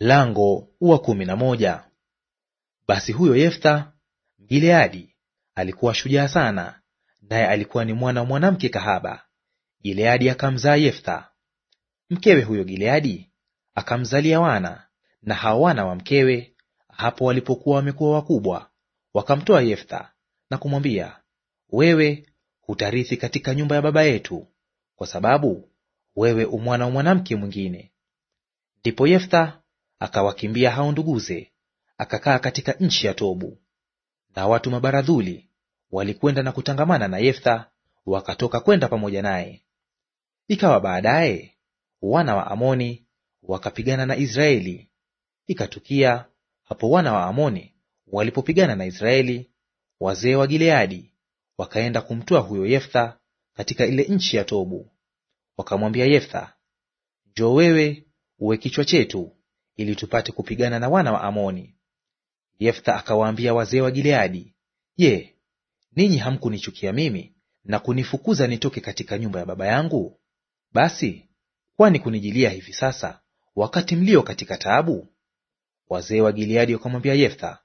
Lango wa kumi na moja. Basi huyo Yefta gileadi alikuwa shujaa sana, naye alikuwa ni mwana mwanamke kahaba. Gileadi akamzaa Yefta. Mkewe huyo Gileadi akamzalia wana, na hao wana wa mkewe, hapo walipokuwa wamekuwa wakubwa, wakamtoa Yefta na kumwambia, wewe hutarithi katika nyumba ya baba yetu, kwa sababu wewe umwana wa mwanamke mwingine. Ndipo Yefta akawakimbia hao nduguze, akakaa katika nchi ya Tobu. Na watu mabaradhuli walikwenda na kutangamana na Yeftha, wakatoka kwenda pamoja naye. Ikawa baadaye wana wa Amoni wakapigana na Israeli. Ikatukia hapo wana wa Amoni walipopigana na Israeli, wazee wa Gileadi wakaenda kumtoa huyo Yeftha katika ile nchi ya Tobu. Wakamwambia Yeftha, njoo wewe uwe kichwa chetu ili tupate kupigana na wana wa Amoni. Yeftha akawaambia wazee wa Gileadi, Je, ninyi hamkunichukia mimi na kunifukuza nitoke katika nyumba ya baba yangu? Basi kwani kunijilia hivi sasa wakati mlio katika taabu? Wazee wa Gileadi wakamwambia Yeftha,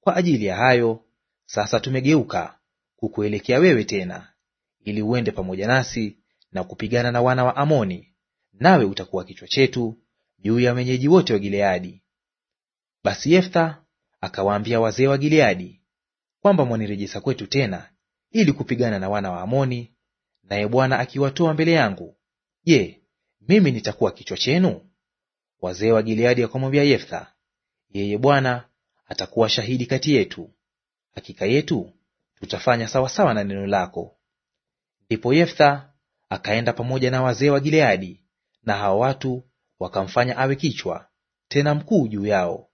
kwa ajili ya hayo sasa tumegeuka kukuelekea wewe tena, ili uende pamoja nasi na kupigana na wana wa Amoni, nawe utakuwa kichwa chetu juu ya wenyeji wote wa Gileadi. Basi Yeftha akawaambia wazee wa Gileadi kwamba mwanirejesa kwetu tena ili kupigana na wana wa Amoni, naye Bwana akiwatoa mbele yangu, je, mimi nitakuwa kichwa chenu? Wazee wa Gileadi akamwambia Yeftha, yeye Bwana atakuwa shahidi kati yetu, hakika yetu tutafanya sawasawa na neno lako. Ndipo Yeftha akaenda pamoja na wazee wa Gileadi na hao watu wakamfanya awe kichwa tena mkuu juu yao.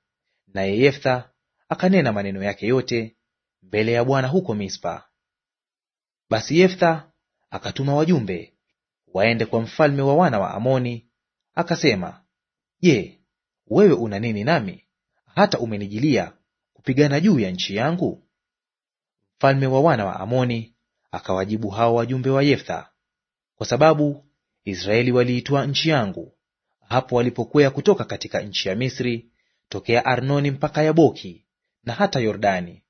Naye Yeftha akanena maneno yake yote mbele ya Bwana huko Mispa. Basi Yeftha akatuma wajumbe waende kwa mfalme wa wana wa Amoni, akasema, Je, wewe una nini nami hata umenijilia kupigana juu ya nchi yangu? Mfalme wa wana wa Amoni akawajibu hao wajumbe wa Yeftha, kwa sababu Israeli waliitwa nchi yangu, hapo walipokwea kutoka katika nchi ya Misri tokea Arnoni mpaka Yaboki na hata Yordani.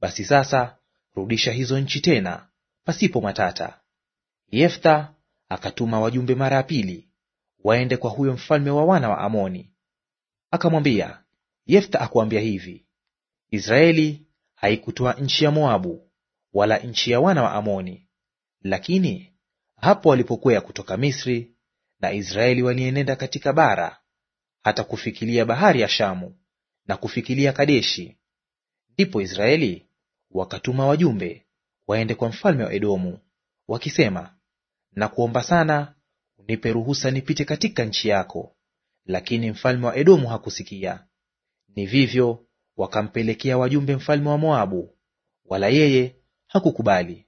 Basi sasa rudisha hizo nchi tena pasipo matata. Yeftha akatuma wajumbe mara ya pili waende kwa huyo mfalme wa wana wa Amoni. Akamwambia, Yeftha akuambia hivi, Israeli haikutoa nchi ya Moabu wala nchi ya wana wa Amoni, lakini hapo walipokwea kutoka Misri na Israeli walienenda katika bara hata kufikilia bahari ya Shamu na kufikilia Kadeshi. Ndipo Israeli wakatuma wajumbe waende kwa mfalme wa Edomu wakisema, na kuomba sana unipe ruhusa nipite katika nchi yako. Lakini mfalme wa Edomu hakusikia. Ni vivyo wakampelekea wajumbe mfalme wa Moabu, wala yeye hakukubali.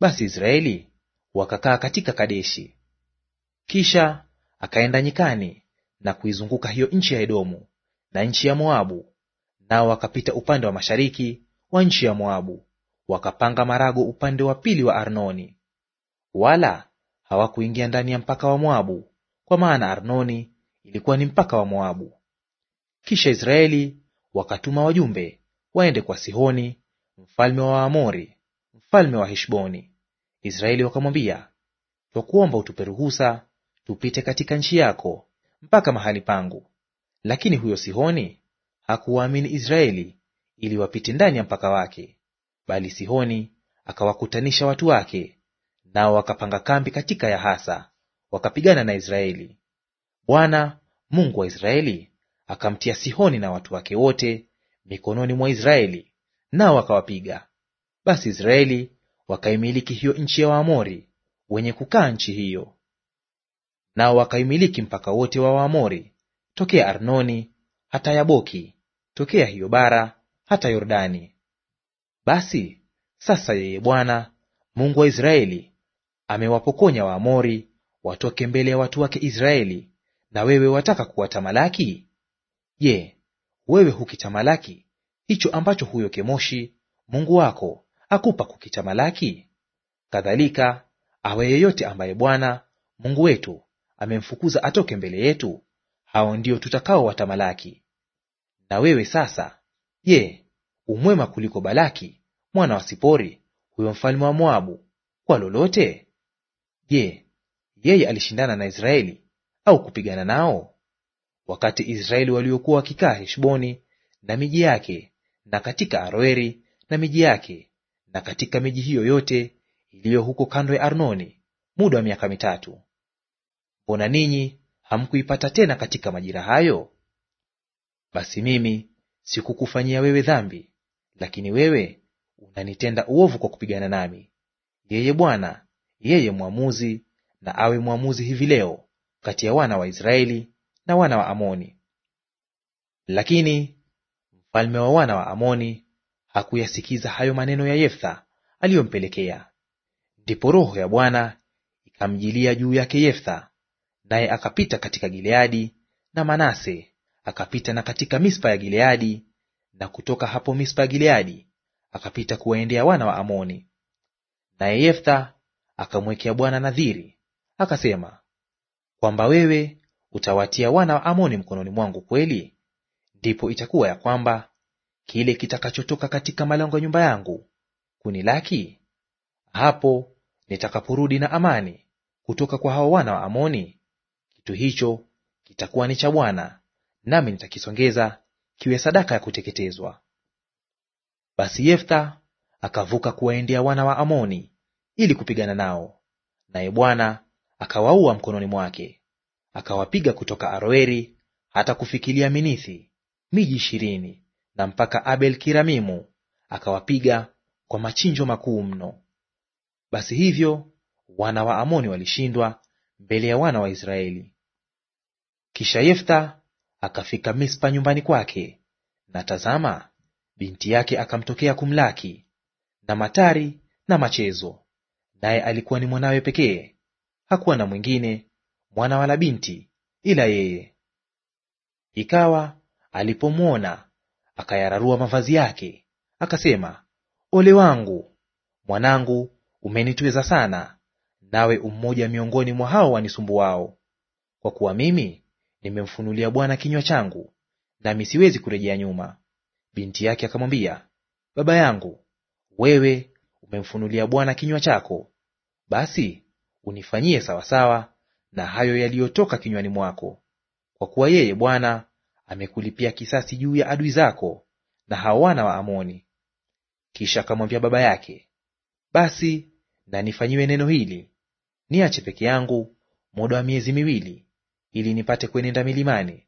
Basi Israeli wakakaa katika Kadeshi. Kisha akaenda nyikani na kuizunguka hiyo nchi ya Edomu na nchi ya Moabu, nao wakapita upande wa mashariki wa nchi ya Moabu, wakapanga marago upande wa pili wa Arnoni. Wala hawakuingia ndani ya mpaka wa Moabu, kwa maana Arnoni ilikuwa ni mpaka wa Moabu. Kisha Israeli wakatuma wajumbe waende kwa Sihoni mfalme wa Waamori, mfalme wa Heshboni. Israeli wakamwambia, twakuomba utupe ruhusa tupite katika nchi yako mpaka mahali pangu. Lakini huyo Sihoni hakuwaamini Israeli ili wapite ndani ya mpaka wake, bali Sihoni akawakutanisha watu wake, nao wakapanga kambi katika Yahasa, wakapigana na Israeli. Bwana Mungu wa Israeli akamtia Sihoni na watu wake wote mikononi mwa Israeli, nao wakawapiga. Basi Israeli wakaimiliki hiyo nchi ya Waamori wenye kukaa nchi hiyo nao wakaimiliki mpaka wote wa Waamori tokea Arnoni hata Yaboki, tokea hiyo bara hata Yordani. Basi sasa yeye Bwana Mungu wa Israeli amewapokonya Waamori watoke mbele ya watu wake Israeli, na wewe wataka kuwatamalaki? Je, wewe hukitamalaki hicho ambacho huyo Kemoshi Mungu wako akupa kukitamalaki? Kadhalika awe yeyote ambaye Bwana Mungu wetu amemfukuza atoke mbele yetu, hao ndio tutakao watamalaki. Na wewe sasa, je, umwema kuliko Balaki mwana wa Sipori, huyo mfalme wa Moabu, kwa lolote? Je, yeye alishindana na Israeli au kupigana nao? Wakati Israeli waliokuwa wakikaa Heshboni na miji yake, na katika Aroeri na miji yake, na katika miji hiyo yote iliyo huko kando ya Arnoni, muda wa miaka mitatu mbona ninyi hamkuipata tena katika majira hayo? Basi mimi sikukufanyia wewe dhambi, lakini wewe unanitenda uovu kwa kupigana nami. Yeye Bwana, yeye mwamuzi, na awe mwamuzi hivi leo kati ya wana wa Israeli na wana wa Amoni. Lakini mfalme wa wana wa Amoni hakuyasikiza hayo maneno ya Yeftha aliyompelekea. Ndipo roho ya Bwana ikamjilia juu yake Yeftha, naye akapita katika Gileadi na Manase, akapita na katika Mispa ya Gileadi, na kutoka hapo Mispa ya Gileadi akapita kuwaendea wana wa Amoni. Naye Yeftha akamwekea Bwana nadhiri akasema, kwamba wewe utawatia wana wa Amoni mkononi mwangu kweli, ndipo itakuwa ya kwamba kile kitakachotoka katika malango ya nyumba yangu kunilaki, hapo nitakaporudi na amani kutoka kwa hao wana wa Amoni, kitu hicho kitakuwa ni cha Bwana, nami nitakisongeza kiwe sadaka ya kuteketezwa. Basi Yeftha akavuka kuwaendea wana wa Amoni ili kupigana nao, naye Bwana akawaua mkononi mwake. Akawapiga kutoka Aroeri hata kufikilia Minithi, miji ishirini, na mpaka Abel Kiramimu akawapiga kwa machinjo makuu mno. Basi hivyo wana wa Amoni walishindwa mbele ya wana wa Israeli. Kisha Yefta akafika Mispa nyumbani kwake, na tazama, binti yake akamtokea kumlaki na matari na machezo. Naye alikuwa ni mwanawe pekee, hakuwa na mwingine mwana wala binti ila yeye. Ikawa alipomwona akayararua mavazi yake, akasema, ole wangu, mwanangu, umenitweza sana, nawe ummoja miongoni mwa hao wanisumbuao. Kwa kuwa mimi nimemfunulia Bwana kinywa changu, nami siwezi kurejea nyuma. Binti yake akamwambia, baba yangu, wewe umemfunulia Bwana kinywa chako, basi unifanyie sawasawa na hayo yaliyotoka kinywani mwako, kwa kuwa yeye Bwana amekulipia kisasi juu ya adui zako na hao wana wa Amoni. Kisha akamwambia baba yake, basi na nifanyiwe neno hili, niache peke yangu muda wa miezi miwili ili nipate kuenenda milimani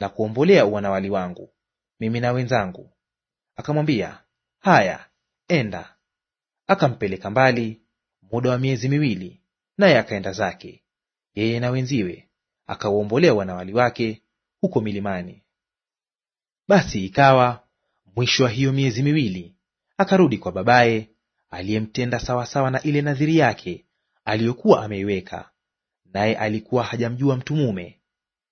na kuombolea uwanawali wangu, mimi na wenzangu. Akamwambia, haya, enda. Akampeleka mbali muda wa miezi miwili, naye akaenda zake, yeye na wenziwe, akauombolea wanawali wake huko milimani. Basi ikawa mwisho wa hiyo miezi miwili, akarudi kwa babaye, aliyemtenda sawasawa na ile nadhiri yake aliyokuwa ameiweka naye alikuwa hajamjua mtu mume.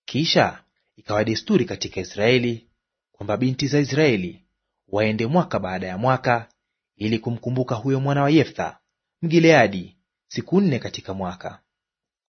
Kisha ikawa desturi katika Israeli kwamba binti za Israeli waende mwaka baada ya mwaka ili kumkumbuka huyo mwana wa Yeftha Mgileadi siku nne katika mwaka.